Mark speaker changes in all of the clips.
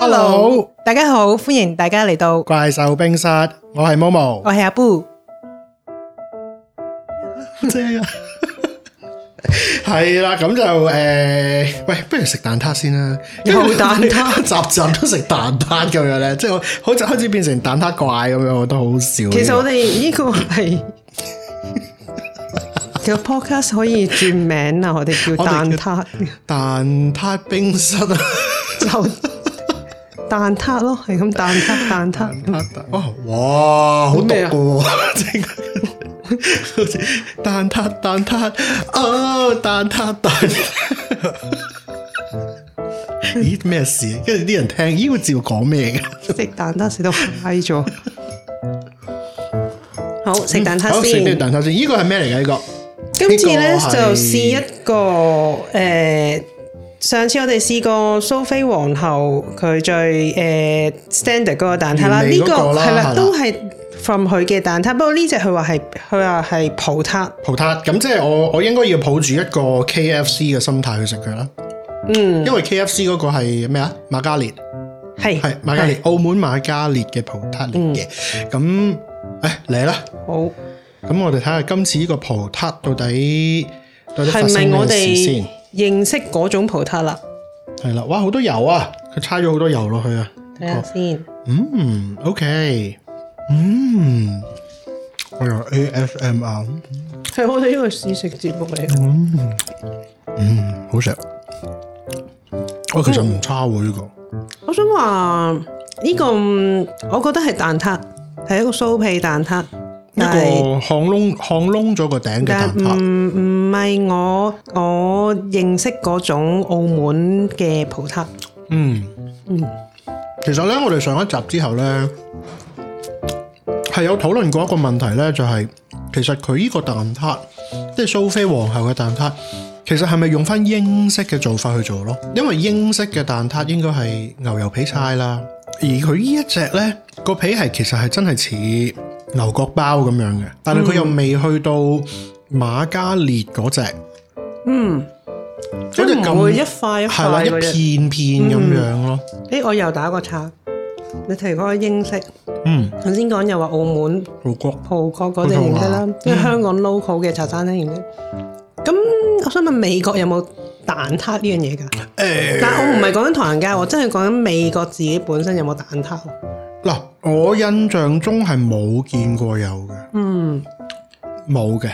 Speaker 1: Hello，,
Speaker 2: Hello 大家好，歡迎大家嚟到怪獸冰室。我係 Momo 我係阿 Bo。
Speaker 1: 即係
Speaker 2: 係啦，咁就誒，喂，不如食蛋撻先啦。有蛋撻集集都食蛋撻咁樣咧，即係 好似開始變成蛋撻怪咁樣，我都好笑啊。其實我哋
Speaker 1: 呢個係， 其實 podcast 可以轉名啊，我哋叫蛋撻，蛋撻冰室啊， 就。蛋撻咯，係、就、咁、是、蛋撻蛋撻，哇
Speaker 2: 哇，好毒㗎？蛋撻蛋撻哦，啊、蛋撻蛋撻。 咦咩事？跟住啲人聽，咦個字要講咩嘅？
Speaker 1: 蛋撻食都 蛋撻食到快咗，好食蛋撻先。食啲
Speaker 2: 蛋撻先，呢個係咩嚟㗎？呢個今次咧就試一
Speaker 1: 個誒。呃上次我哋試過蘇菲皇后佢最誒 standard 嗰個蛋撻啦，呢、這個係啦，啊、都係 from 佢嘅蛋撻。不過呢隻佢話係佢話係葡撻，
Speaker 2: 葡撻咁即係我我應該要抱住一個 K F C 嘅心態去食佢啦。嗯，因為 K F C 嗰個係咩啊？馬嘉烈係係馬嘉烈，澳門馬嘉烈嘅葡撻嚟嘅。咁誒嚟啦，哎、好。咁我哋睇下今次呢個葡撻到底到底係咪我哋
Speaker 1: 認識嗰種葡撻啦，
Speaker 2: 係啦，哇，好多油啊！佢差咗好多油落去啊，睇下先。嗯，OK，嗯，哎呀，ASMR，
Speaker 1: 係我哋呢個試食節目嚟
Speaker 2: 嘅。嗯，嗯，好食。我其實唔差喎呢個。
Speaker 1: 我想話呢個，這個，我覺得係蛋撻，係一個酥皮蛋撻，一個烘窿
Speaker 2: 烘窿咗個頂嘅蛋撻，
Speaker 1: 唔唔係我我認識嗰種澳門嘅葡撻。嗯
Speaker 2: 嗯，嗯其實咧，我哋上一集之後咧，係有討論過一個問題咧，就係，就係其實佢呢個蛋撻，即係蘇菲皇后嘅蛋撻，其實係咪用翻英式嘅做法去做咯？因為英式嘅蛋撻應該係牛油皮晒啦，嗯、而佢呢一隻咧，個皮係其實係真係似，牛角包咁樣嘅，但係佢又未去到馬加列嗰隻，
Speaker 1: 嗯，嗰隻咁係話一片片咁樣咯。誒、嗯欸，我又打個岔，你提嗰英式，嗯，頭先講又話澳門葡國、葡國嗰啲形式啦，即係、啊、香港 local 嘅茶餐廳形式。咁、嗯、我想問美國有冇蛋撻呢樣嘢㗎？誒、欸，但我唔係講緊唐人街，我真係講緊美國自己本身有冇蛋撻。
Speaker 2: 嗱，我印象中係冇見過有
Speaker 1: 嘅，
Speaker 2: 嗯，冇嘅，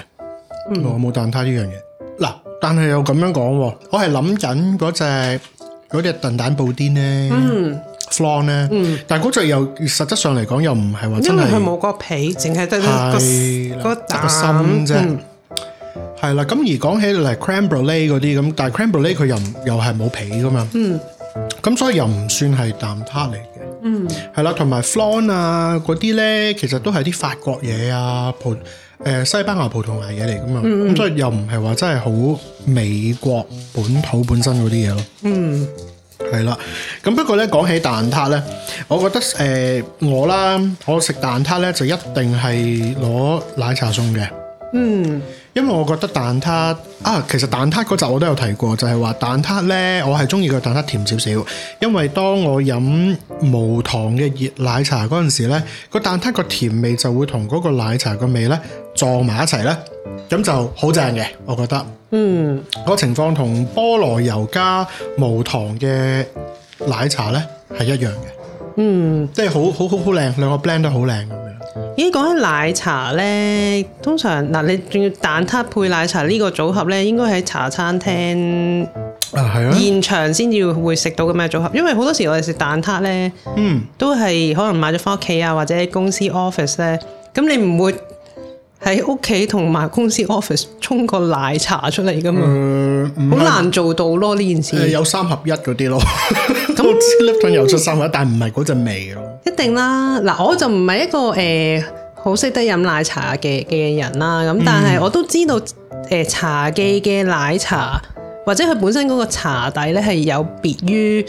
Speaker 2: 我冇蛋撻呢樣嘢。嗱，但係又咁樣講，我係諗緊嗰隻嗰隻燉蛋布甸咧，嗯，flan 咧，嗯，但係嗰隻又實質上嚟講又唔係話真係，因為佢冇
Speaker 1: 個皮，淨係得個個蛋啫，
Speaker 2: 係啦。咁而講起嚟 creme brulee 嗰啲咁，但係 creme brulee 佢又又係冇皮噶嘛，嗯，咁所以又唔算係蛋撻嚟。嗯，係啦，同埋 Flan 啊嗰啲咧，其實都係啲法國嘢啊葡誒、呃、西班牙葡萄牙嘢嚟㗎嘛，咁、嗯嗯、所以又唔係話真係好美國本土本身嗰啲嘢咯。嗯，係啦，咁不過咧講起蛋撻咧，我覺得誒、呃、我啦，我食蛋撻咧就一定係攞奶茶送嘅。嗯，因為我覺得蛋撻啊，其實蛋撻嗰集我都有提過，就係話蛋撻呢，我係中意個蛋撻甜少少，因為當我飲無糖嘅熱奶茶嗰陣時呢，個蛋撻個甜味就會同嗰個奶茶個味呢撞埋一齊呢，咁就好正嘅，嗯，我覺得。嗯，個情況同菠蘿油加無糖嘅奶茶呢係一樣嘅。嗯，即係、嗯、好好好好靚，兩個 blend 都好靚咁
Speaker 1: 樣。咦，講起奶茶呢，通常嗱、啊，你仲要蛋撻配奶茶呢個組合呢，應該喺茶餐廳啊係現場先至會食到咁嘅組合。啊啊、因為好多時我哋食蛋撻呢，嗯，都係可能買咗翻屋企啊，或者喺公司 office 呢。咁你唔會喺屋企同埋公司 office 沖個奶茶出嚟噶嘛？好、呃、難做到咯，呢件事、呃。有三合一嗰啲咯。 都知道有出新啦，但係唔係嗰陣味咯。一定啦，嗱，我就唔係一個誒好識得飲奶茶嘅嘅人啦。咁但係我都知道，誒、呃、茶記嘅奶茶或者佢本身嗰個茶底咧係有別於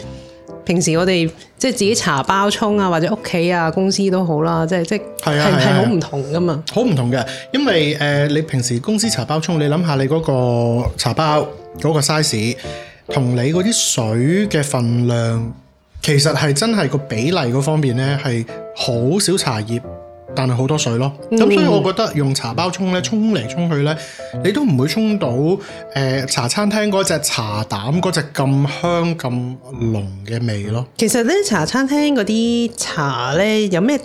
Speaker 1: 平時我哋即係自己茶包沖啊，或者屋企啊、公司都好啦。即係即係係係好唔
Speaker 2: 同㗎嘛？好唔、啊啊啊、同嘅，因為誒、呃、你平時公司茶包沖，你諗下你嗰個茶包嗰、嗰個 size。同你嗰啲水嘅份量，其實係真係個比例嗰方面呢係好少茶葉，但係好多水咯。咁、嗯、所以我覺得用茶包沖呢，沖嚟沖去呢，你都唔會沖到誒、呃、茶餐廳嗰隻茶膽嗰隻咁香咁濃嘅味咯。
Speaker 1: 其實呢，茶餐廳嗰啲茶呢，有咩？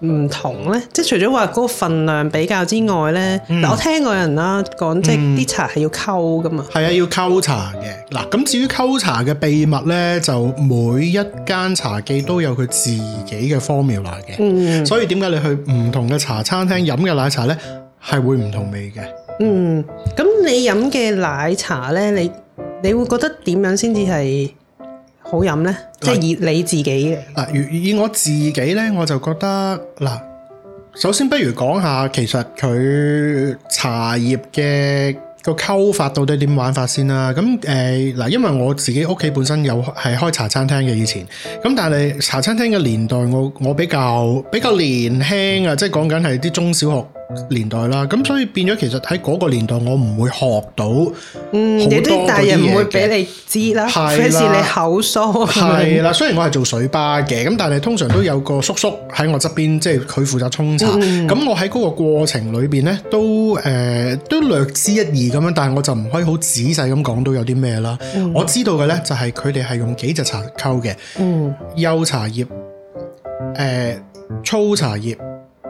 Speaker 1: 唔同咧，即係除咗話嗰個份量比較之外咧，嗯、我聽過人啦講，嗯、即係啲茶係要溝噶嘛，係啊，要溝茶嘅。嗱，咁
Speaker 2: 至於溝茶嘅秘密咧，就每一間茶記都有佢自己嘅 formula 嘅。嗯、所以點解你去唔同嘅茶餐廳飲嘅奶茶咧，係會唔同味嘅？嗯，
Speaker 1: 咁你飲嘅奶茶咧，你你會覺得點樣先至係？好飲呢，即係以你自己嘅嗱、啊，以我自己呢，我就覺得嗱、啊，
Speaker 2: 首先不如講下其實佢茶葉嘅個溝法到底點玩法先啦、啊。咁誒嗱，因為我自己屋企本身有係開茶餐廳嘅以前，咁但係茶餐廳嘅年代我，我我比較比較年輕啊，嗯、即係講緊係啲中小學。年代啦，咁所以變咗，其實喺嗰個年代，我唔會學到，嗯，好啲大人唔會俾
Speaker 1: 你知啦，費事你口疏，係啦，
Speaker 2: 雖然我係做水吧嘅，咁但係通常都有個叔叔喺我側邊，即係佢負責沖茶，咁、嗯、我喺嗰個過程裏邊呢，都誒、呃、都略知一二咁樣，但係我就唔可以好仔細咁講到有啲咩啦。嗯、我知道嘅呢，就係佢哋係用幾隻茶溝嘅，嗯，幼茶葉，誒、呃，粗茶葉。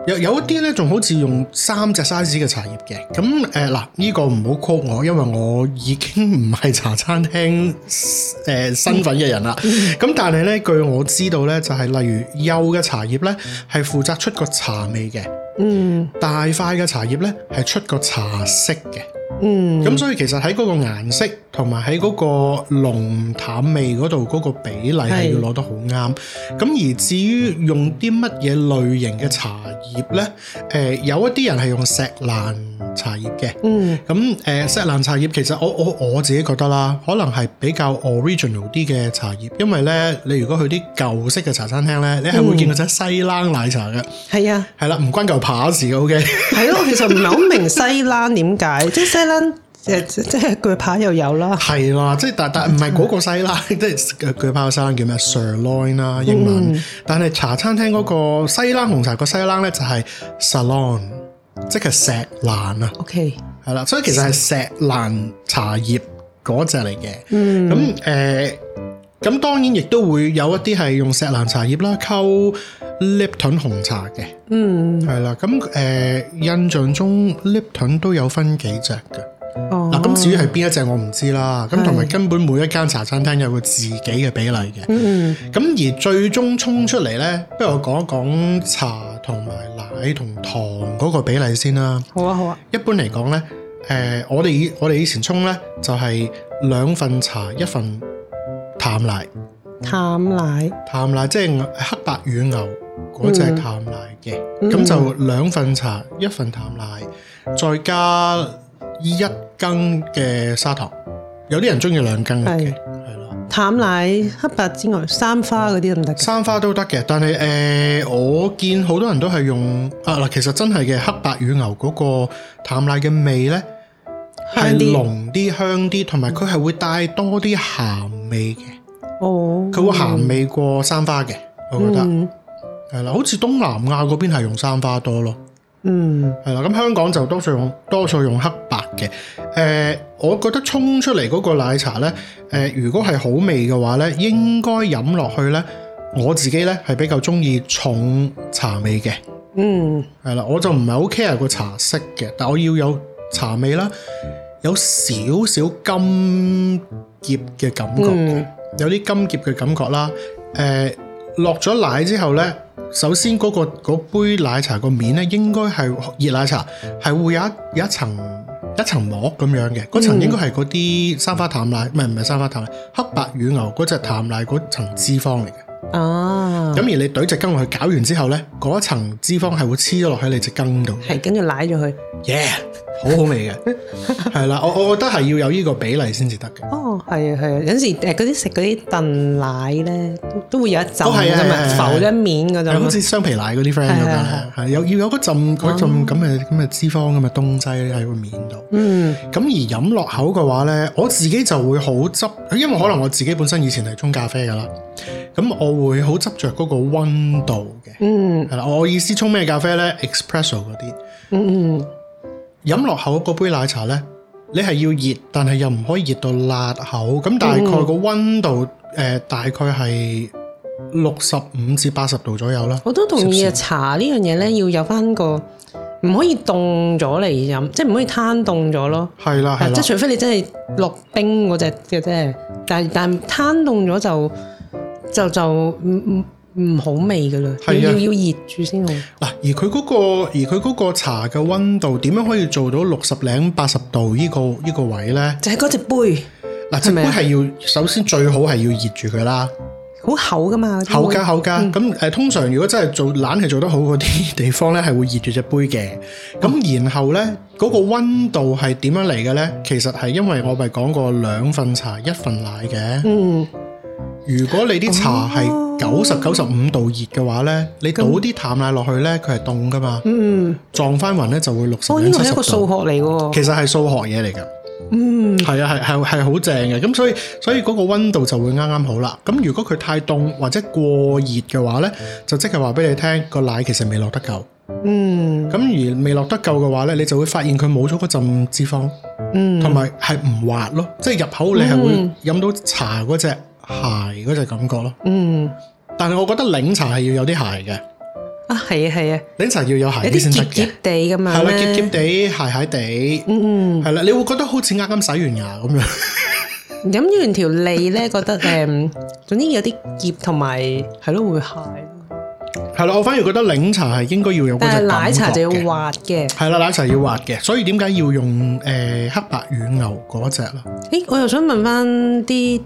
Speaker 2: 有，有一啲咧，仲好似用三隻 size 嘅茶葉嘅咁誒嗱，呢、呃這個唔好曲我，因為我已經唔係茶餐廳誒、 呃、身份嘅人啦。咁但係咧，據我知道咧，就係、是、例如幼嘅茶葉咧，係負責出個茶味嘅。嗯，mm hmm. 大塊嘅茶葉咧係出個茶色嘅，嗯、mm，咁、hmm. 所以其實喺嗰個顏色同埋喺嗰個濃淡味嗰度嗰個比例係要攞得好啱，咁是而至於用啲乜嘢類型嘅茶葉咧，誒、呃，有一啲人係用錫蘭茶葉嘅，嗯、mm，咁、hmm. 誒、呃、錫蘭茶葉其實我我我自己覺得啦，可能係比較 original 啲嘅茶葉，因為咧你如果去啲舊式嘅茶餐廳咧，你係會見嗰種西冷奶茶嘅，係啊、mm，係、hmm. 啦呀，唔關舊。呀扒字嘅 OK，係
Speaker 1: 咯，其實唔係好明西冷點解，即係西冷誒，即係鋸扒又有啦，係啦， 即係但但
Speaker 2: 唔係嗰個西冷，即係鋸扒生叫咩？Sirloin 啦，英文。嗯、但係茶餐廳嗰個西冷紅茶個西冷咧就係、是、Ceylon，即係錫蘭啊。OK，係啦，所以其實係錫蘭茶葉嗰隻嚟嘅。嗯，咁誒。呃咁當然亦都會有一啲係用錫蘭茶葉啦，溝 Lipton 紅茶嘅，嗯，係啦。咁誒、呃、印象中 Lipton 都有分幾隻嘅，
Speaker 1: 嗱咁、哦啊、至於係
Speaker 2: 邊一隻我唔知啦。咁同埋根本每一間茶餐廳有個自己嘅比例嘅，嗯，咁而最終沖出嚟咧，不如我講一講茶同埋奶同糖嗰個比例先啦。好啊，好啊。一般嚟講咧，誒、呃、我哋以我哋以前沖咧就係、是、兩份茶一份淡奶，
Speaker 1: 淡奶，
Speaker 2: 淡奶即係黑白乳牛，嗰隻係淡奶嘅。咁、嗯嗯、就兩份茶，一份淡奶，再加一羹嘅砂糖。有啲人鍾意兩羹嘅，係咯是。的淡奶的黑白之外，三花嗰啲得唔得？三花都得嘅，但係誒、呃，我見好多人都係用啊。嗱，其實真係嘅黑白乳牛嗰個淡奶嘅味咧係濃啲、香啲，同埋佢係會帶多啲鹹味嘅。
Speaker 1: 哦，佢、嗯、會咸味
Speaker 2: 過三花嘅。我覺得係啦、嗯，好似東南亞嗰邊係用三花多咯，嗯，係啦，咁香港就多數用，多數用黑白嘅，誒、呃，我覺得沖出嚟嗰個奶茶咧，誒、呃，如果係好味嘅話咧，應該飲落去咧，我自己咧係比較中意重茶味嘅，嗯，係啦，我就唔係好 care 個茶色嘅，但我要有茶味啦，有少少甘澀嘅感覺。嗯有啲金澀嘅感覺啦。誒，落咗奶之後咧，首先嗰、那個杯奶茶個面咧，應該係熱奶茶，係會有一有一層一層膜咁樣嘅，嗰、嗯、層應該係嗰啲三花淡奶，唔係唔係三花淡奶，黑白乳牛嗰隻淡奶嗰層脂肪嚟嘅。哦、
Speaker 1: 啊，咁
Speaker 2: 而你懟隻羹落去攪完之後咧，嗰層脂肪係會黐咗落喺你隻羹度，係跟住舐咗佢 y 好好味嘅，係啦，我我覺得係要有呢個比例先至得
Speaker 1: 嘅。哦，係啊係啊，有時誒嗰啲食嗰啲燉奶咧，都都會有一浸，係啊，浮一面嗰種。好似雙
Speaker 2: 皮奶嗰啲 friend 咁啦，有要有浸，嗰浸咁嘅咁嘅脂肪咁嘅東西喺個面度。嗯。咁而飲落口嘅話咧，我自己就會好執，因為可能我自己本身以前係沖咖啡噶啦，咁我會好執着嗰個温度嘅。嗯。係啦，我意思沖咩咖啡咧？Espresso 嗰啲。嗯嗯。飲落口嗰杯奶茶呢，你係要熱，但係又唔可以熱到辣口。咁大概個温度，誒、嗯呃、大概係六十五至八十度左右啦。
Speaker 1: 我都同意啊，吧茶呢樣嘢呢，要有返個唔可以凍咗嚟飲，即係唔可以攤凍咗囉。係啦係啦，啦即除非你真係落冰嗰隻嘅啫，但但攤凍咗就就就、嗯嗯唔好味噶啦，你、啊、要要熱住先好。
Speaker 2: 嗱、嗰個，而佢嗰個而佢嗰個茶嘅溫度點樣可以做到六十零八十度依、依個依、依個位呢，就係嗰隻杯。嗱、啊，隻、這個、杯係要是是首先最好係要熱住佢啦。
Speaker 1: 好厚噶嘛？
Speaker 2: 厚㗎，厚㗎。咁誒、嗯，通常如果真係做冷氣做得好嗰啲地方呢，係會熱住隻杯嘅。咁、嗯、然後呢，嗰、嗰個溫度係點樣嚟嘅呢？其實係因為我咪講過兩份茶一份奶嘅。嗯。如果你啲茶係九十九十五度熱嘅話呢、嗯、你倒啲淡奶落去呢佢係凍噶嘛，嗯、撞翻匀呢就會六十兩七十。哦，因為係一個數學嚟，其實係數學嘢嚟噶，嗯，係啊，係係係好正嘅，咁所以所以嗰個温度就會啱啱好啦。咁如果佢太凍或者過熱嘅話呢就即係話俾你聽個奶其實未落得夠。嗯，咁而未落得夠嘅話呢你就會發現佢冇咗嗰陣脂肪，同埋係唔滑咯，即係入口你係會飲到茶嗰隻。嗯嗯鞋嗰隻感覺咯，嗯，但係我覺得檸茶係要有啲鞋嘅。
Speaker 1: 啊係啊係啊，
Speaker 2: 檸茶要有鞋啲先得
Speaker 1: 嘅，係咪？結結
Speaker 2: 地鞋鞋地，嗯嗯，係啦，你會覺得好似啱啱洗完牙咁樣，
Speaker 1: 飲完條脷咧覺得誒，總之有啲澀同埋係咯會鞋，
Speaker 2: 係啦，我反而覺得檸茶係應該要有，但係奶茶就
Speaker 1: 要滑嘅，
Speaker 2: 係啦，奶茶要滑嘅，所以點解要用誒黑白乳牛嗰隻啦？
Speaker 1: 誒，我又想問翻啲。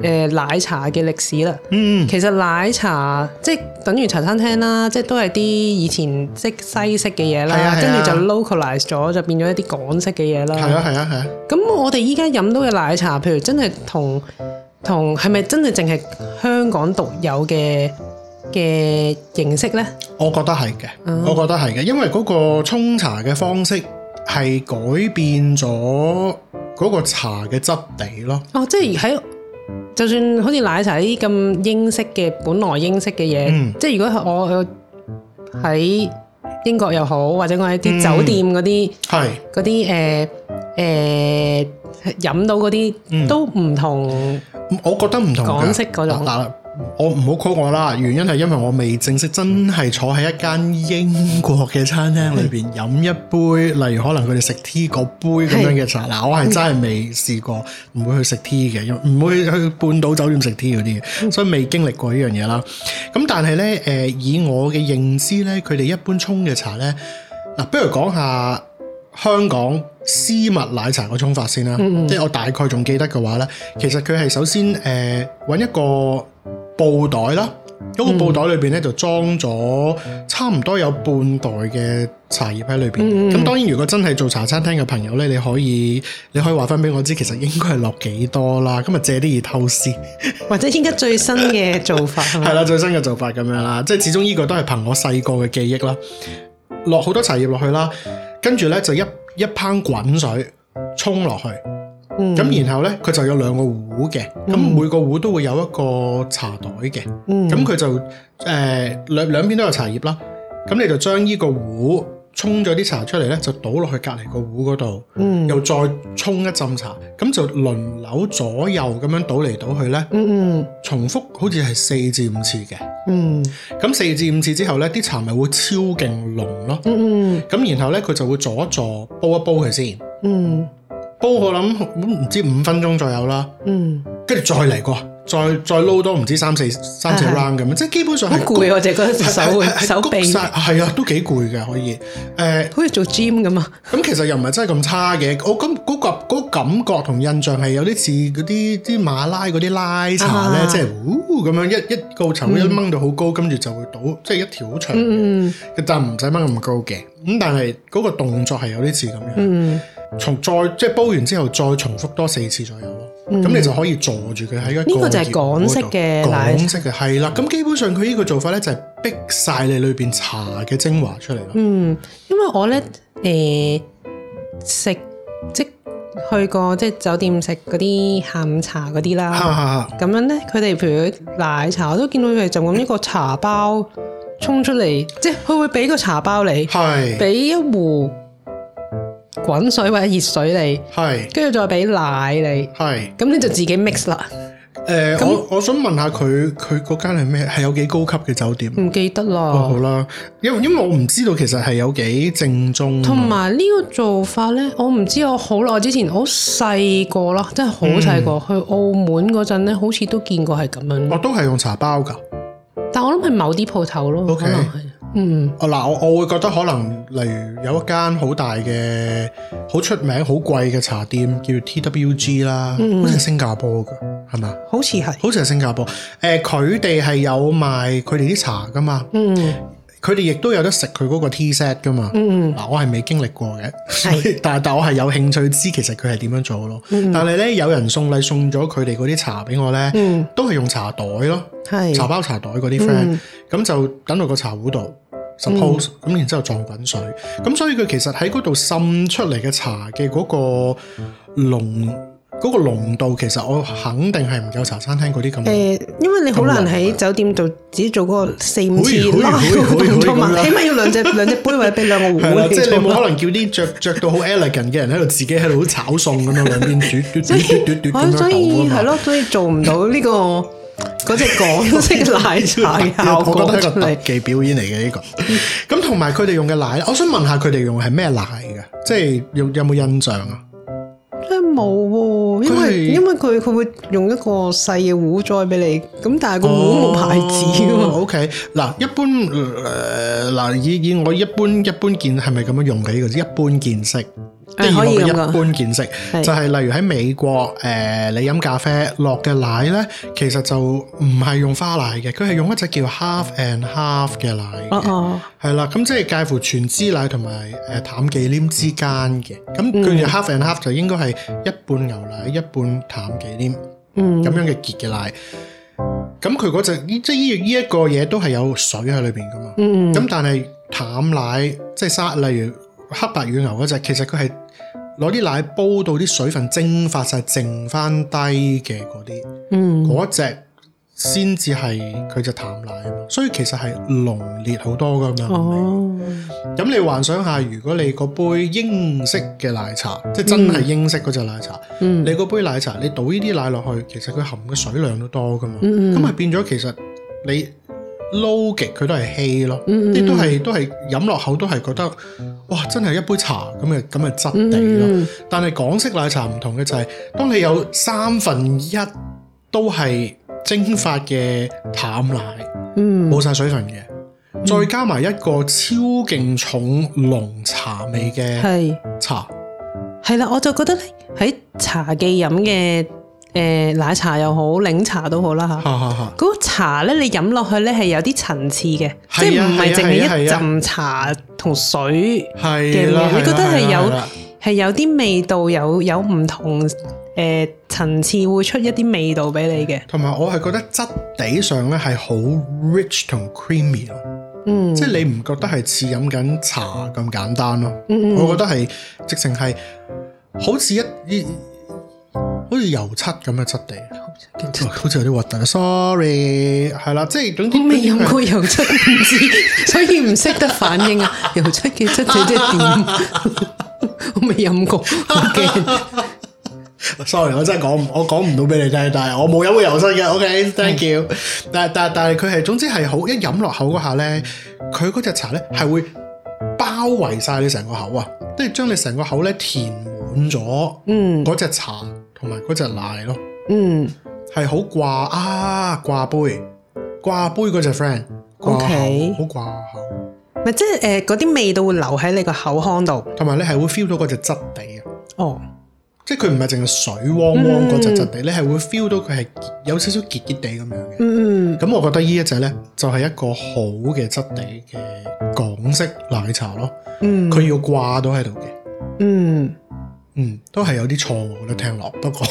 Speaker 1: 誒、呃、奶茶嘅歷史啦，嗯、其實奶茶即係等於茶餐廳啦，即係都係啲以前即西式嘅嘢啦，跟住、啊、就 localize 咗，就變咗一啲港式嘅嘢啦。係啊係啊係啊！咁、啊啊、我哋依家飲到嘅奶茶，譬如真係同同係咪真係淨係香港獨有嘅嘅形式呢？
Speaker 2: 我覺得係嘅，啊、我覺得係嘅，因為嗰個沖茶嘅方式係改變咗嗰個茶嘅質地咯。
Speaker 1: 哦、啊，即係喺。就算好似奶茶呢啲咁英式嘅，本來英式嘅嘢，嗯、即係如果我喺英國又好，或者我喺啲酒店嗰啲，係嗰啲誒誒飲到嗰啲、嗯、都唔同，我覺得唔同港式嗰種。啊那個
Speaker 2: 我唔好 call 我啦，原因係因為我未正式真係坐喺一間英國嘅餐廳裏邊飲的一杯，例如可能佢哋食 tea 嗰杯咁樣嘅茶嗱，的我係真係未試過，唔會去食 tea 嘅，唔會去半島酒店食 tea 嗰啲，所以未經歷過呢樣嘢啦。咁但係呢，誒、呃，以我嘅認知呢，佢哋一般沖嘅茶呢，嗱、啊，不如講下香港絲襪奶茶個沖法先啦，嗯嗯即係我大概仲記得嘅話呢，其實佢係首先誒搵、呃、一個。布袋啦，嗰、那個布袋裏邊咧就裝咗差唔多有半袋嘅茶葉喺裏邊。咁、嗯嗯嗯、當然，如果真係做茶餐廳嘅朋友咧，你可以你可以話翻俾我知，其實應該係落幾多啦。今日借啲意偷師， 或者應該最新嘅做法係啦 吧，最新嘅做法咁樣啦。即係始終呢個都係憑我細個嘅記憶啦，落好多茶葉落去啦，跟住咧就一一烹滾水沖落去。咁、嗯、然後呢，佢就有兩個壺嘅，咁、嗯、每個壺都會有一個茶袋嘅，咁佢、嗯、就誒兩兩邊都有茶葉啦。咁你就將呢個壺沖咗啲茶出嚟呢，就倒落去隔離個壺嗰度，嗯、又再沖一浸茶，咁就輪流左右咁樣倒嚟倒去咧，嗯嗯、重複好似係四至五次嘅。咁、嗯、四至五次之後呢啲茶咪會超勁濃咯。咁、嗯嗯嗯、然後呢，佢就會坐一坐煲一煲佢先。嗯嗯煲我諗唔知五分鐘左右啦，嗯，跟住再嚟過，再再撈多唔知三四三四 round 咁，即係基本上係攰我哋嗰隻手，手臂，係啊，都幾攰嘅可以，誒，好似做 gym 咁啊，咁其實又唔係真係咁差嘅，我咁嗰個感覺同印象係有啲似嗰啲啲馬拉嗰啲拉茶咧，即係，咁樣一一個層一掹到好高，跟住就會倒，即係一條好長，
Speaker 1: 嗯，
Speaker 2: 但唔使掹咁高嘅，咁但係嗰個動作係有啲似咁樣。重再即係煲完之後再重複多四次左右咯，咁、嗯、你就可以坐住佢喺一個。呢個就係港式嘅奶港式嘅係啦，咁基本上佢呢個做法咧就係逼曬你裏邊茶嘅精華出嚟。咯。
Speaker 1: 嗯，嗯因為我咧誒食即去過即係酒店食嗰啲下午茶嗰啲啦，咁樣咧佢哋譬如奶茶，我都見到佢就咁一個茶包沖出嚟， 即係佢會俾個茶包的你，係俾一壺。滾水或者熱水嚟，係是，跟住再俾奶嚟，係是，咁你就自己 mix 啦。
Speaker 2: 誒、呃， 那我我想問下佢，佢嗰間係咩？係有幾高級嘅酒店？唔記得啦、哦。好啦，因因為我唔知道其實係有幾正宗。同埋
Speaker 1: 呢個做法咧，我唔知我好耐之前好細個咯，真係好細個，嗯、去澳門嗰陣咧，好似都見過係咁樣。我、哦、都係用茶包噶，但我諗係某啲鋪頭咯，Okay 可能係。
Speaker 2: 嗯，啊嗱，我我會覺得可能例如有一間好大嘅、好出名、好貴嘅茶店，叫 TWG 啦、嗯，好似係新加坡噶，係嘛？好似係，好似係新加坡。誒、呃，佢哋係有賣佢哋啲茶噶嘛？嗯。佢哋亦都有得食佢嗰個 tea set 噶嘛，嗱、嗯嗯、我係未經歷過嘅，但是 但我係有興趣知其實佢係點樣做咯。嗯嗯，但係咧，有人送禮送咗佢哋嗰啲茶俾我咧，嗯、都係用茶袋咯，是茶包茶袋嗰啲 friend，咁就等到個茶壺度，suppose 咁然之後撞滾水，咁、嗯、所以佢其實喺嗰度滲出嚟嘅茶嘅嗰個濃。嗰個濃度其實我肯定係唔夠茶餐廳嗰啲咁。誒，
Speaker 1: 因為你好難喺酒店度自己做嗰個四五次，千啦，起碼要兩隻兩隻杯或者畀兩個碗。係即係你冇可能
Speaker 2: 叫啲着著到好 elegant 嘅人喺度自己喺度炒餸咁樣兩邊煮煮煮煮煮，係咯，
Speaker 1: 所以做唔到呢個嗰隻港式奶茶嘅效果。我覺得係個特
Speaker 2: 技表演嚟嘅呢個。咁同埋佢哋用嘅奶，我想問下佢哋用係咩奶嘅？即係有冇印象啊？
Speaker 1: 即係冇喎。因為因為佢佢會用一個細嘅壺再俾你，咁但係個壺冇牌子㗎嘛。OK，
Speaker 2: 嗱，一般，誒，嗱，以以我一般一般見係咪咁樣用嘅呢個一般見識。第二個一般見識、哎、就係例如喺美國，誒、呃、你飲咖啡落嘅奶呢，其實就唔係用花奶嘅，佢係用一隻叫 half and half 嘅奶嘅，係啦、哦哦，咁即係介乎全脂奶同埋誒淡忌廉之間嘅，咁佢嘅 half and half 就應該係一半牛奶一半淡忌廉，咁、嗯、樣嘅結嘅奶。咁佢嗰隻即係呢依一個嘢都係有水喺裏邊噶嘛，咁、嗯、但係淡奶即係沙，例如黑白乳牛嗰隻，其實佢係。攞啲奶煲到啲水分蒸發晒，剩翻低嘅嗰啲，嗰隻先至係佢隻淡奶，所以其實係濃烈好多噶嘛。咁、哦、你幻想下，如果你嗰杯英式嘅奶茶，即係真係英式嗰隻奶、嗯、奶茶，你嗰杯奶茶你倒呢啲奶落去，其實佢含嘅水量都多噶嘛，咁咪、嗯嗯、變咗其實你。撈極佢都係稀咯，亦都係都係飲落口都係覺得，哇！真係一杯茶咁嘅咁嘅質地咯。嗯、但係港式奶茶唔同嘅就係，當你有三分一都係蒸發嘅淡奶，冇晒、嗯、水分嘅，嗯、再加埋一個超勁重濃茶味嘅茶，
Speaker 1: 係啦，我就覺得喺茶記飲嘅。誒，奶茶又好，檸茶都好啦嚇。嗰個茶咧，你飲落去咧係有啲層次嘅，即係唔係淨係一浸茶同水嘅嘢。你覺得係有係有啲味道，有有唔同誒層次，會出一啲味道俾你嘅。同埋我係覺
Speaker 2: 得質地上咧係好 rich 同 creamy 咯，嗯，即係你唔覺得係似飲緊茶咁簡單咯？嗯嗯，我覺得係直情係好似一啲，好似油漆咁嘅質地，質地哦、好似有啲核突啊！Sorry，係啦、嗯，即係總之我未飲過油漆，唔 知
Speaker 1: 所以唔識得反應啊！ 油漆嘅質地即係點？我未飲過，我驚。
Speaker 2: Sorry，我真係講我講唔到俾你聽，但係我冇飲過油漆嘅。OK，Thank you。嗯。但。但係但係但係佢係總之係好一飲落口嗰下咧，佢嗰隻茶咧係會包圍晒你成個口啊，即係將你成個口咧填滿咗。嗯，嗰隻茶。同埋嗰隻奶咯，嗯，係好掛啊，掛杯掛杯嗰隻 friend，掛口 OK，好掛口，咪即係誒嗰啲味道會留喺你個口腔度，同埋你係會 feel 到嗰隻質地啊，哦，即係佢唔係淨係水汪汪嗰隻質地，你係會 feel 到佢係有少少杰杰地咁樣嘅，嗯嗯，咁我覺得呢一隻咧就係一個好嘅質地嘅港式奶茶咯，嗯，佢要掛到喺度嘅，嗯。嗯，都係有啲錯，我都聽落， 不過，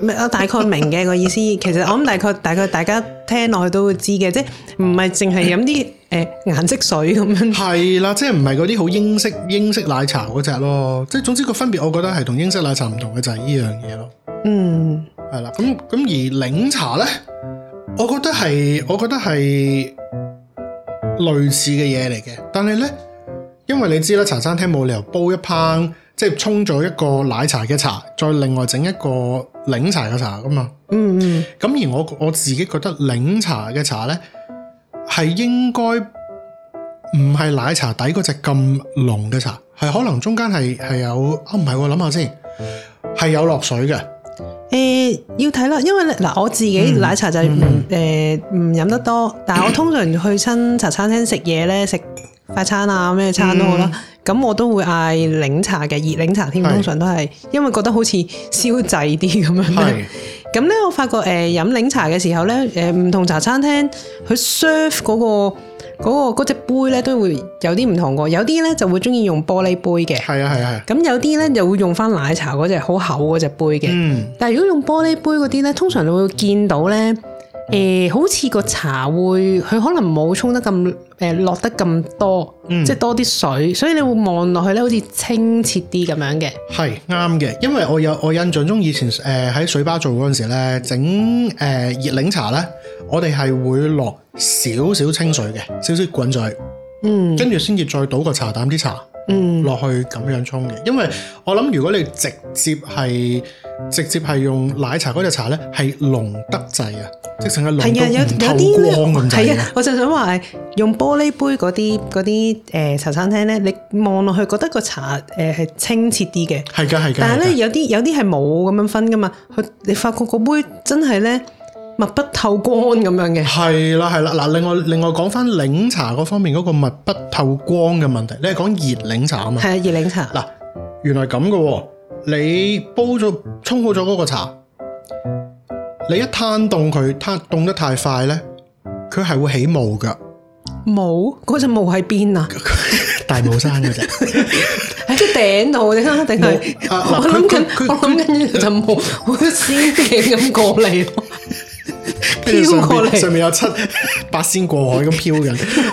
Speaker 1: 唔係 我大概明嘅嗰個意思。其實我諗大概大概大家聽落去都會知嘅，即係唔係淨係飲啲誒顏色水咁樣。係啦， 即係唔係嗰啲好英式英式奶茶嗰隻咯。即係總
Speaker 2: 之個分別就是嗯，我覺得係同英式奶茶唔同嘅就係呢樣嘢咯。嗯，係啦。咁咁而檸茶咧，我覺得係我覺得係類似嘅嘢嚟嘅，但係咧。因為你知啦，茶餐廳冇理由煲一烹，即係沖咗一個奶茶嘅茶，再另外整一個檸茶嘅茶噶嘛。嗯嗯。咁而我我自己覺得檸茶嘅茶咧，係應該唔係奶茶底嗰隻咁濃嘅茶，係可能中間係係有，
Speaker 1: 啊唔係，我諗下先，係有落水嘅。誒、呃，要睇啦，因為嗱、呃，我自己奶茶就唔誒唔飲得多，但係我通常去親茶餐廳食嘢咧食。快餐啊，咩餐都好啦，咁、嗯、我都會嗌檸茶嘅，熱檸茶添，通常都係是因為覺得好似消滯啲咁樣咧。咁咧是，我發覺誒、呃、飲檸茶嘅時候咧，誒、呃、唔同茶餐廳佢 serve 嗰個嗰、那個隻、那個那個、杯咧都會有啲唔同嘅，有啲咧就會鍾意用玻璃杯嘅，係啊係啊係。咁有啲咧就會用返奶茶嗰隻好厚嗰隻杯嘅。嗯。但係如果用玻璃杯嗰啲咧，通常你會見到咧。誒、呃、好似個茶會，佢可能冇沖得咁誒落得咁多，嗯、即係多啲水，所以你會望落去咧，好似清澈啲咁樣嘅。
Speaker 2: 係啱嘅，因為我有我印象中以前誒喺、呃、水吧做嗰陣時咧，整誒、呃、熱檸茶咧，我哋係會落少少清水嘅，少少滾水，嗯，跟住先至再倒個茶膽啲茶。嗯，落去咁樣沖嘅，因為我諗，如果你直接係直接係用奶茶嗰隻茶咧，係濃得滯啊，即係成個濃到唔透光咁滯。係啊、有啲、嗰個，
Speaker 1: 我就想話，用玻璃杯嗰啲嗰啲誒茶餐廳咧，你望落去覺得個茶誒係、呃、清澈啲嘅，
Speaker 2: 係噶係噶。但係咧
Speaker 1: 有啲有啲係冇咁樣分噶嘛，佢你發覺個杯真係咧。密不透光咁樣嘅，係
Speaker 2: 啦係啦嗱。另外另外講翻檸茶嗰方面嗰個密不透光嘅問題，你係講熱檸茶啊嘛？係啊，熱檸茶。嗱，原來咁噶，你煲咗沖好咗嗰個茶，你一攤凍佢，攤凍得太快咧，佢係會起霧噶。
Speaker 1: 霧？嗰隻霧喺邊啊？大霧山嗰隻喺個頂度啊？頂度？我諗緊，我諗緊呢隻霧好仙氣咁過嚟咯。飄過嚟，上面
Speaker 2: 有七八仙過海咁飄緊，
Speaker 1: 跟住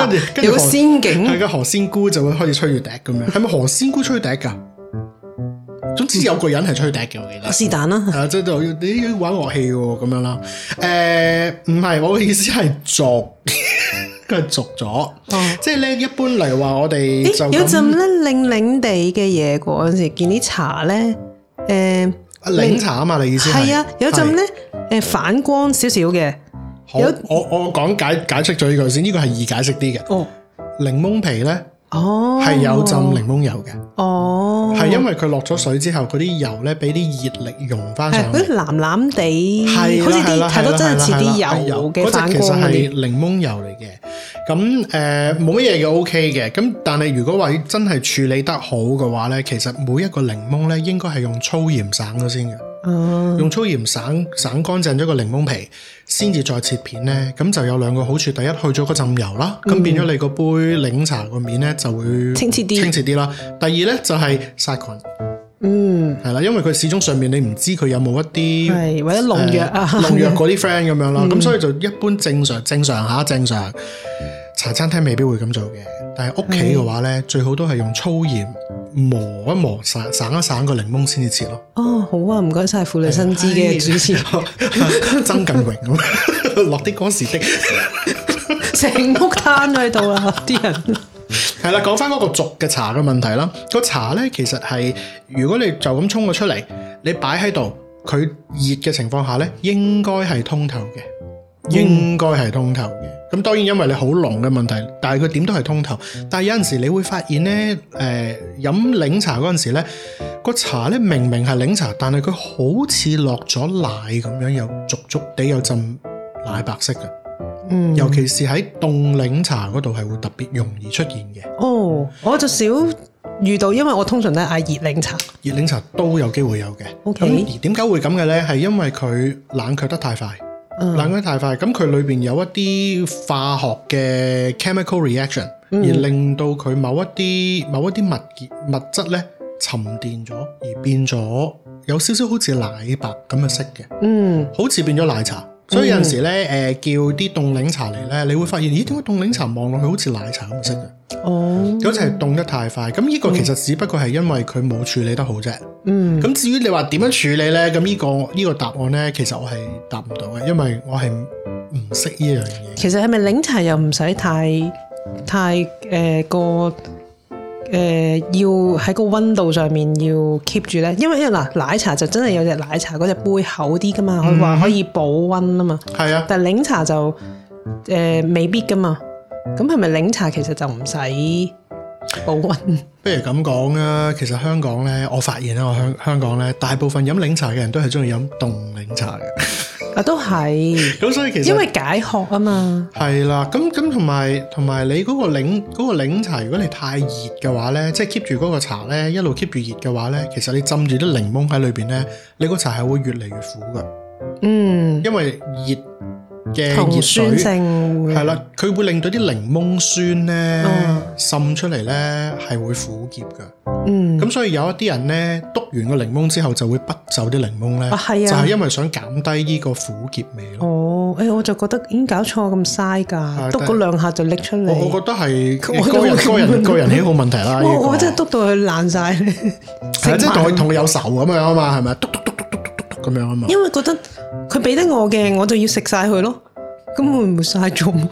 Speaker 1: 后何 有仙境，係個
Speaker 2: 何仙姑就會開始吹住笛咁樣。係咪何仙姑吹笛噶？ 總之有個人係吹笛嘅，我記得。是但啦，係啊，即係你要玩樂器嘅咁樣啦。誒，唔係，我嘅意思係俗，梗係俗咗。即係咧，一般嚟話我哋有陣
Speaker 1: 咧，檸檸哋嘅嘢，嗰陣時見啲茶咧，誒、呃，啊，檸茶啊嘛，你意思係啊？有陣咧。 誒，反光少少嘅，
Speaker 2: 我我我講解解釋咗呢個先，呢個係易解釋啲嘅。哦，檸檬皮咧，
Speaker 1: 哦，係有浸檸檬油嘅。哦，係因為
Speaker 2: 佢落咗水之後，嗰啲油咧俾啲熱力溶翻上嚟，
Speaker 1: 藍藍地，係，好似啲睇到真係似啲油嘅反光。嗰只其實係
Speaker 2: 檸檬油嚟嘅。咁誒，冇乜嘢嘅，OK 嘅。咁但係如果話真係處理得好嘅話咧，其實每一個檸檬咧應該係用粗鹽省咗先嘅。用粗鹽省省乾淨咗個檸檬皮，先至再切片呢，咁就有兩個好處。第一，去咗個浸油啦，咁、嗯、變咗你個杯檸茶個面呢就會清澈啲，清澈啲啦。第二呢，就係、是、殺菌，嗯，係啦，因為佢始終上面你唔知佢有冇一啲或者農藥啊，農藥嗰啲 friend 咁樣咯，咁、嗯、所以就一般正常，正常吓，正常。茶餐廳未必會咁做嘅，但係屋企嘅話咧，的最好都係用粗鹽磨一磨，省省一省個檸檬先至切咯。
Speaker 1: 哦，好啊，唔該晒。婦女新知嘅主
Speaker 2: 持、哎哎哎，曾近榮 落啲光時的，
Speaker 1: 成 屋攤咗喺度啊。啲。 人 ，
Speaker 2: 係啦，講翻嗰個濁嘅茶嘅問題啦，個茶咧其實係，如果你就咁沖咗出嚟，你擺喺度，佢熱嘅情況下咧，應該係通透嘅。應該係通透嘅，咁當然因為你好濃嘅問題，但係佢點都係通透。但係有陣時你會發現呢，誒飲檸茶嗰陣時呢，個茶呢明明係檸茶，但係佢好似落咗奶咁樣，有足足地有浸奶白色嘅，嗯，
Speaker 1: 尤其
Speaker 2: 是喺凍檸茶嗰度係會特別容易出現嘅。
Speaker 1: 哦，我就少遇到，因為我通常都嗌熱檸茶，
Speaker 2: 熱檸茶都有機會有嘅。OK，點解會咁嘅呢？係因為佢冷卻得太快。冷得太快，咁佢裏邊有一啲化學嘅 chemical reaction，、嗯、而令到佢某一啲某一啲物物質咧沉澱咗，而變咗有少少好似奶白咁嘅色嘅，嗯，好似變咗奶茶。所以有陣時咧，誒、呃、叫啲凍檸茶嚟咧，你會發現，咦，點解凍檸茶望落去好似奶茶咁色嘅？哦，咁就係凍得太快，咁呢個其實只不過係因為佢冇處理得好啫。嗯，咁至於你話點樣處理咧，咁呢、呢個依、呢個答案咧，其實我係答唔到嘅，因為我係唔識呢樣嘢。
Speaker 1: 其實係咪檸茶又唔使太太誒、呃、過？誒、呃、要喺個溫度上面要 keep 住咧，因為嗱、呃、奶茶就真係有隻奶茶嗰隻杯厚啲噶嘛，佢話、嗯、可以保溫啊嘛。係啊、嗯，但檸茶就誒、呃、未必噶嘛。咁係咪檸茶其實就唔使保溫？
Speaker 2: 不如咁講啊，其實香港咧，我發現咧，我香香港咧，大部分飲檸茶嘅人都係鍾意飲凍檸茶嘅。 啊，都係，咁所以其實因為
Speaker 1: 解渴啊嘛，
Speaker 2: 係啦， 咁咁同埋同埋你嗰個檸、嗰個檸茶，如果你太熱嘅話咧，即係 keep 住嗰個茶咧，一路 keep 住熱嘅話咧，其實你浸住啲檸檬喺裏邊咧，你個茶係會越嚟越苦噶，嗯，因為熱。嘅酸性係啦，佢會令到啲檸檬酸咧滲出嚟咧，係會苦澀噶。嗯，咁所以有一啲人咧，篤完個檸檬之後就會不就啲檸檬咧，就係因為想減低呢個苦澀味
Speaker 1: 咯、啊。哦，誒，我就覺得已經搞錯咁嘥㗎，篤個兩下就拎出嚟。我覺
Speaker 2: 得係，個人個人個人喜好問題啦。我我
Speaker 1: 真係篤到佢爛晒，
Speaker 2: 即係同佢有仇咁樣啊嘛，係咪？篤篤咁樣啊嘛，因
Speaker 1: 為覺得佢俾得我嘅，我就要食晒佢咯，咁會唔會嘥咗？誒，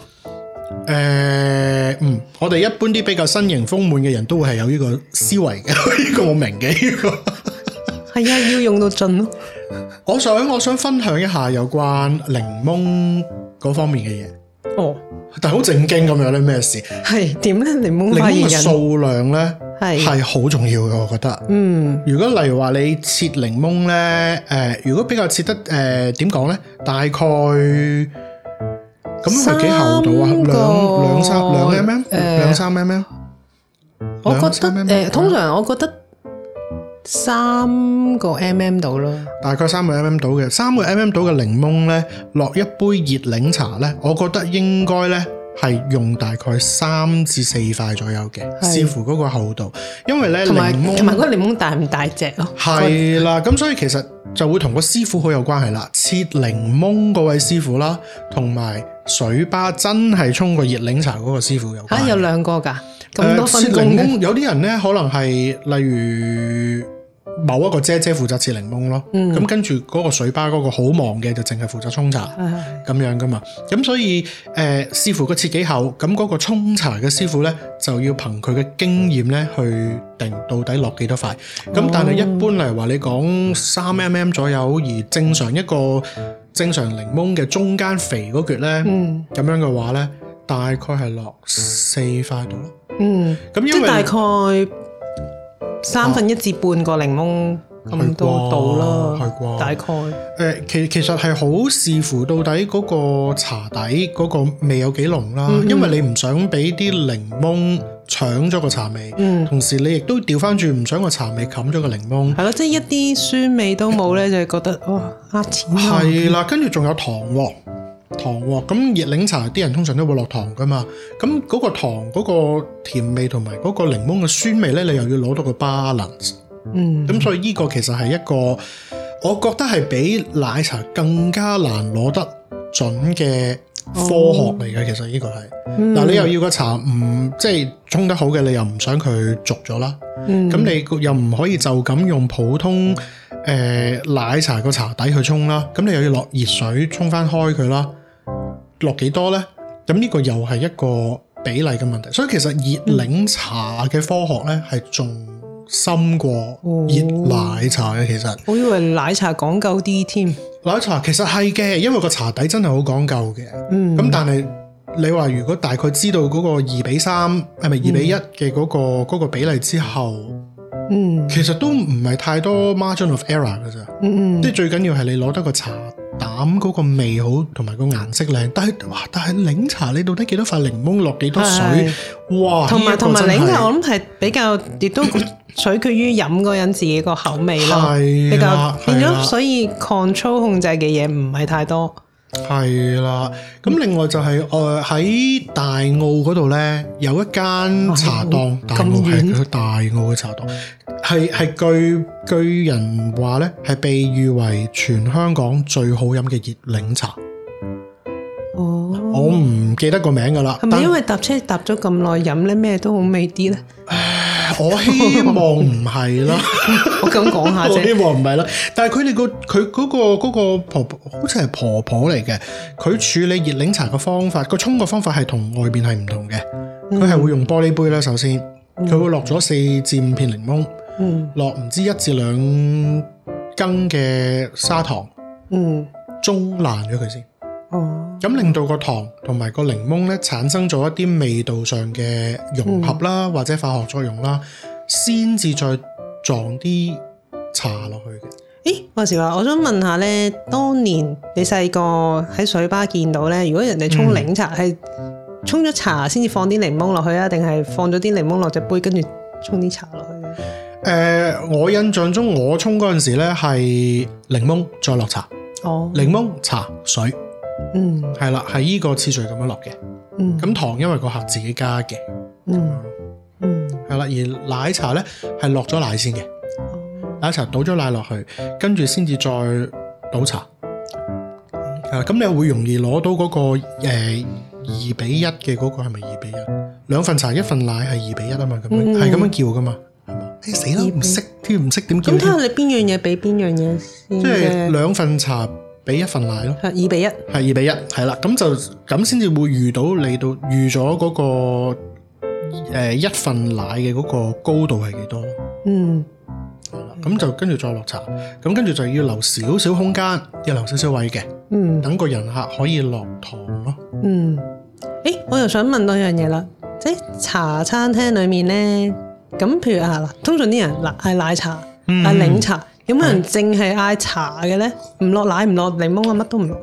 Speaker 1: 嗯，
Speaker 2: 我哋一般啲比較身形豐滿嘅人都會係有呢個思維嘅，呢 個我明嘅，呢、呢個係啊， 要用到盡咯。 我想，我想分享一下有關檸檬嗰方面嘅嘢。哦，但係好正經咁樣咧，咩事？係
Speaker 1: 點咧？檸檬數量呢，檸檬嘅數
Speaker 2: 量咧係係好重要嘅，我覺得。嗯，如果例如話你切檸檬咧，誒、呃，如果比較切得誒，點講咧？大概咁係幾厚度啊？兩兩三兩 mm？兩三 mm？呃、我覺
Speaker 1: 得誒三、呃，通常我覺得。三個 mm 度咯，
Speaker 2: 大概三個 mm 度嘅，三個 mm 度嘅檸檬咧，落一杯熱檸茶咧，我覺得應該咧係用大概三至四塊左右嘅，視是乎嗰個厚度，
Speaker 1: 因為咧同埋同埋嗰個檸檬大唔大隻咯，係
Speaker 2: 啦，咁所以其實就會同個師傅好有關係啦，切檸檬嗰位師傅啦，同埋水吧真係沖過熱檸茶嗰個師傅有
Speaker 1: 吓、啊、有兩個㗎，咁多分工、呃、檬
Speaker 2: 有啲人咧可能係例如。某一個姐姐負責切檸檬咯，咁、嗯、跟住嗰個水吧嗰個好忙嘅就淨係負責沖茶，咁、嗯、樣㗎嘛。咁所以誒、呃，師傅個切幾厚，咁嗰個沖茶嘅師傅咧就要憑佢嘅經驗咧去定到底落幾多塊。咁但係一般嚟話，哦、你講三 mm 左右，而正常一個正常檸檬嘅中間肥嗰嚿咧，咁、嗯、樣嘅話咧，大概係落四塊度。咯。嗯，
Speaker 1: 咁因為大概。三分一至半個檸檬咁、啊、多度啦，係大概誒、呃，其
Speaker 2: 其實係好視乎到底嗰個茶底嗰個味有幾濃啦，嗯嗯，因為你唔想俾啲檸檬搶咗個茶味，嗯、同時你亦都調翻轉唔想個茶味冚咗個檸檬。
Speaker 1: 係咯、嗯，即係一啲酸味都冇咧， 就係覺得哇，呃、哦啊、錢啊。係啦，
Speaker 2: 跟住仲有糖喎。糖喎，咁熱檸茶啲人通常都會落糖㗎嘛，咁嗰個糖嗰、嗰個甜味同埋嗰個檸檬嘅酸味呢，你又要攞到個 balance，嗯，咁所以呢個其實係一個，我覺得係比奶茶更加難攞得準嘅科學嚟嘅，哦、其實呢個係，
Speaker 1: 嗱、嗯、你又要
Speaker 2: 個茶唔即係沖得好嘅，你又唔想佢濁咗啦，咁、嗯、你又唔可以就咁用普通誒、呃、奶茶個茶底去沖啦，咁你又要落熱水沖翻開佢啦。落幾多呢？咁呢個又係一個比例嘅問題，所以其實熱檸茶嘅科學呢，係仲、嗯、深過熱奶茶嘅。其實，我以為奶茶講究啲添。奶茶其實係嘅，因為個茶底真係好講究嘅。嗯，咁但係你話如果大概知道嗰個二比三係咪二比一嘅嗰個嗰個比例之後，嗯，其實都唔係太多 margin of error 嘅啫。即係、嗯嗯、最緊要係你攞得個茶。膽嗰個味好，同埋個顏色靚，但係哇！但係檸茶你到底幾多塊檸檬，落幾多水？
Speaker 1: 的哇！同埋同埋檸茶我諗係比較亦都取決於飲嗰人自己個口味咯， 比較變咗，所以 control 控制嘅嘢唔係太多。係啦，咁另外就係誒喺大
Speaker 2: 澳嗰度呢，有一間茶檔，啊、大澳係大澳嘅茶檔，係係據據人話呢，係被譽為全香港最好飲嘅熱檸茶。
Speaker 1: 哦，我唔
Speaker 2: 記得個名噶啦。係咪
Speaker 1: 因為搭車搭咗咁耐飲呢咩都好味啲呢？我希望唔
Speaker 2: 係啦， 我咁講下 我希望唔係啦，但係佢哋個佢嗰個個婆婆，好似係婆婆嚟嘅。佢處理熱檸茶嘅方法，個沖嘅方法係同外邊係唔同嘅。佢係、嗯、會用玻璃杯啦。首先佢會落咗四至五片檸檬，落唔、嗯、知一至兩羹嘅砂糖，中爛咗佢先。哦，咁令到個糖同埋個檸檬咧，產生咗一啲味道上嘅融合啦。嗯、或者化學作用啦，先至再撞啲茶落去嘅。誒，
Speaker 1: 話時話，我想問下咧，當年你細個喺水吧見到咧，如果人哋沖檸茶，係沖咗茶先至放啲檸檬落去啊，定係放咗啲檸檬落隻杯，跟住沖啲茶落去？
Speaker 2: 誒、呃，我印象中我沖嗰陣時咧，係檸檬再落茶，
Speaker 1: 哦，檸檬
Speaker 2: 茶水。嗯，係啦，係依個次序咁樣落嘅。嗯，咁糖因為個客自己加嘅。嗯
Speaker 1: 嗯，
Speaker 2: 係啦、嗯，而奶茶咧，係落咗奶先嘅，奶茶倒咗奶落去，跟住先至再倒茶。嗯、啊，咁你會容易攞到嗰、嗰個誒二比一嘅嗰個係咪二比一？兩份茶一份奶係二比一啊嘛，咁樣係咁、嗯、樣叫噶嘛，係嘛？你、欸，死都唔識，都唔識點叫。咁睇下
Speaker 1: 你邊樣嘢畀邊樣嘢先，即係
Speaker 2: 兩份茶。俾一份奶咯，係二比一，係二比一，係啦，咁就咁先至會遇到你到預咗嗰個誒一份奶嘅嗰個高度係幾多咯？嗯，係啦，咁就跟住再落茶，咁跟住就要留少少空間，要留少少位嘅，嗯，等個人客可以落糖咯。嗯，誒，
Speaker 1: 我又想問多一樣嘢啦，即茶餐廳裏面咧，咁譬如係啦，通常啲人奶係奶茶，係檸茶。有冇人淨係嗌茶嘅咧？唔落奶，唔落檸檬啊，乜都唔落，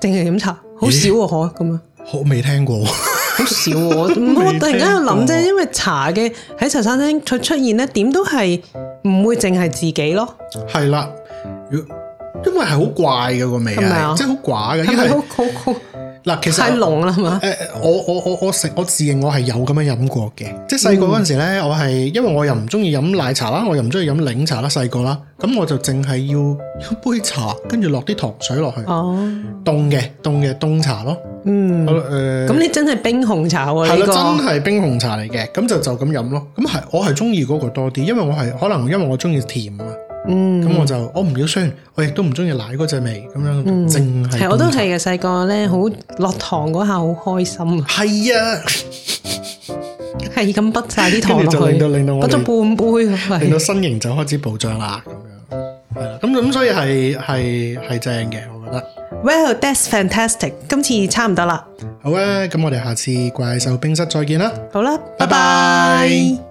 Speaker 1: 淨係飲茶，好少可咁啊！我未 聽過，好少我。我突然間又諗啫，啊、因為茶嘅喺茶餐廳佢出現咧，點都係唔會淨係自己咯。係啦，因為係好怪嘅個味，是是即係好寡嘅，因為好好。嗱，其實太濃啦嘛。誒、呃，我我我我食，
Speaker 2: 我自認我係有咁樣飲過嘅。即係細個嗰陣時咧，我係、嗯、因為我又唔中意飲奶茶啦，我又唔中意飲檸茶啦，細個啦，咁我就淨係要一杯茶，跟住落啲糖水落去。
Speaker 1: 哦。
Speaker 2: 凍嘅，凍嘅，凍茶咯。嗯。好啦、呃、咁你
Speaker 1: 真係冰紅茶喎，呢個係啦，呢個、真
Speaker 2: 係冰紅茶嚟嘅。咁就就咁飲咯。咁係我係中意嗰個多啲，因為我係可能因為我中意甜啊。嗯，咁我就我唔要酸，我亦都唔中意奶嗰隻味，咁樣淨
Speaker 1: 係。嗯、正我都係嘅，細個咧，好落糖嗰下好開心啊！係是啊，係咁潷晒啲糖，就令到令到我潷咗半杯，令到身
Speaker 2: 形就開始暴漲啦，咁樣係啦。咁咁所以係係係正嘅，我覺得。Well that's fantastic，今次差唔多啦。好啊，咁我哋下次怪獸冰室再見啦。好啦吧，拜拜。